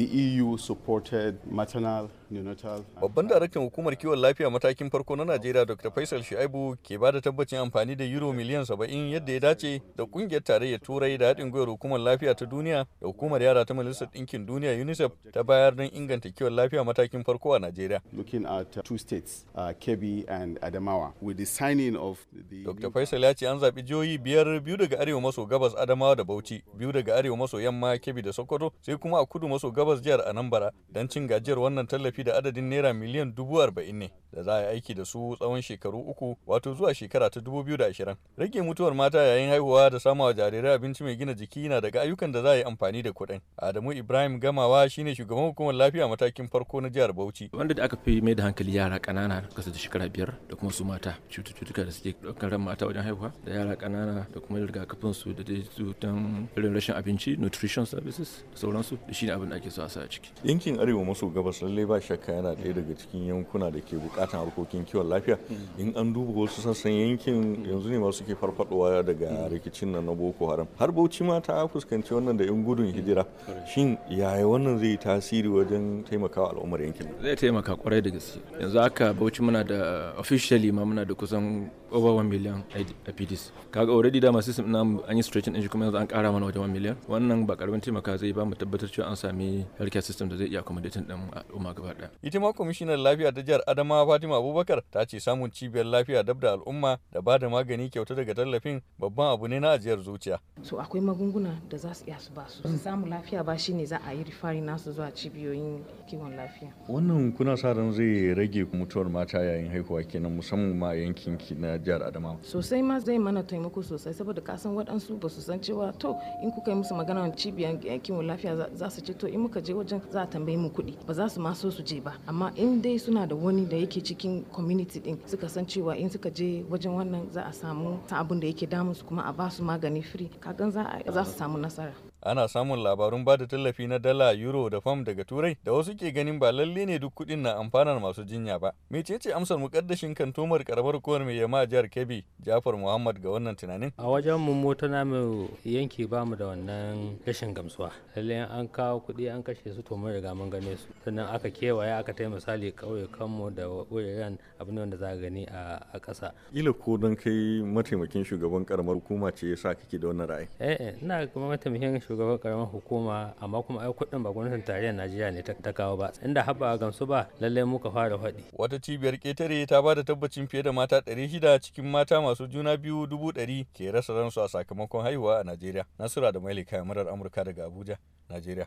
the EU supported maternal Babban daraktan hukumar kiwon lafiya matakin farko na Najeriya Dr. Faisal Shu'aibu ke ba da tabbacin amfani da euro miliyan 70 yadda ya dace da kungiyar tarayyar Turai da haɗin gwiwar hukumar lafiya ta duniya da hukumar yara ta Majalisar Ɗinkin Duniya UNICEF ta bayar don inganta kiwon lafiya matakin farko a Najeriya. Looking at uh, uh, and Adamawa, with the of the Dr. Faisal ya ce an zaɓi jihohi biyar biyu daga arewa maso gabas Adamawa da Bauchi, biyu daga arewa maso yamma Kebbi da Sokoto, sai kuma a kudu maso gabas jihar Anambra don cin gajiyar wannan tallafi tidak ada di naira miliyan dubu ini. da za a yi aiki da su tsawon shekaru uku wato zuwa shekara ta dubu biyu da ashirin rage mutuwar mata yayin haihuwa da wa jarirai abinci mai gina jiki na daga ayyukan da za a yi amfani da kuɗin adamu ibrahim gamawa shine shugaban hukumar lafiya matakin farko na jihar bauchi wanda da aka fi mai da hankali yara ƙanana kasa da shekara biyar da kuma su mata cututtuka da suke ɗaukar ran mata wajen haihuwa da yara ƙanana da kuma rigakafin su da dai irin rashin abinci nutrition services da sauransu da shine abin da ake so a sa a ciki yankin arewa maso gabas lallai ba shakka yana ɗaya daga cikin yankuna da ke buƙatar bunƙatan harkokin kiwon lafiya in an duba wasu sassan yankin yanzu ne masu ke farfadowa daga rikicin nan na boko haram har bauchi ma ta fuskanci wannan da yan gudun hijira shin yaya wannan zai tasiri wajen taimakawa al'ummar yankin zai taimaka kwarai da gaske yanzu haka bauchi muna da officially ma muna da kusan over 1 million IPDs kaga already dama system na an yi stretching din shi kuma yanzu an kara mana wajen 1 million wannan ba karamin taimaka zai ba mu tabbatar cewa an sami healthcare system da zai iya accommodating din al'umma gaba daya ita ma kwamishinan lafiya ta jihar Adamawa Fatima Abubakar ta ce samun cibiyar lafiya dab da al'umma da ba da magani kyauta daga tallafin babban abu ne na ajiyar zuciya. So akwai magunguna da za su iya su ba su. Samun lafiya ba shi ne za a yi rifari nasu zuwa cibiyoyin kiwon lafiya. Wannan kuna sa ran zai rage mutuwar mata yayin haihuwa kenan musamman ma yankin ki na jihar Adamawa. Sosai ma zai mana taimako sosai saboda kasan san waɗansu ba su san cewa to in kuka yi musu magana cibiyar eh, kiwon lafiya za su ce to in muka je wajen za a tambaye mu kuɗi ba za su ma so su je ba amma in dai suna da wani da yake cikin community din suka san cewa in suka je wajen wannan za a samu abin da yake damun su kuma a ba su magani free kagan za su samu nasara ana samun labarun bada tallafi na dala euro da fam daga turai da wasu ke ganin ba lalle ne duk kudin na amfanar masu jinya ba mecece amsar mukaddashin tomar karamar kowar mai yamma jihar kebbi jafar muhammad ga wannan tunanin a wajen mu na mu yanki ba mu da wannan rashin gamsuwa lalle an kawo kudi an kashe su to mun riga mun gane su sannan aka kewaye aka tai misali kauye kanmu da wuraren abin da za gani a ƙasa ila ko don kai mataimakin shugaban karamar hukuma ce yasa kake da wannan ra'ayi eh, eh ina kuma mataimakin shugaban karamar hukuma amma kuma ai kudin ba gwamnatin tarayyar najeriya ne ta kawo ba inda haɓa gamsu ba lallai muka fara faɗi wata cibiyar ketare ta ba da tabbacin fiye da mata 600 cikin mata masu juna biyu dubu ɗari ke rasa ransu a sakamakon haihuwa a najeriya nasura da kayan murar amurka daga abuja najeriya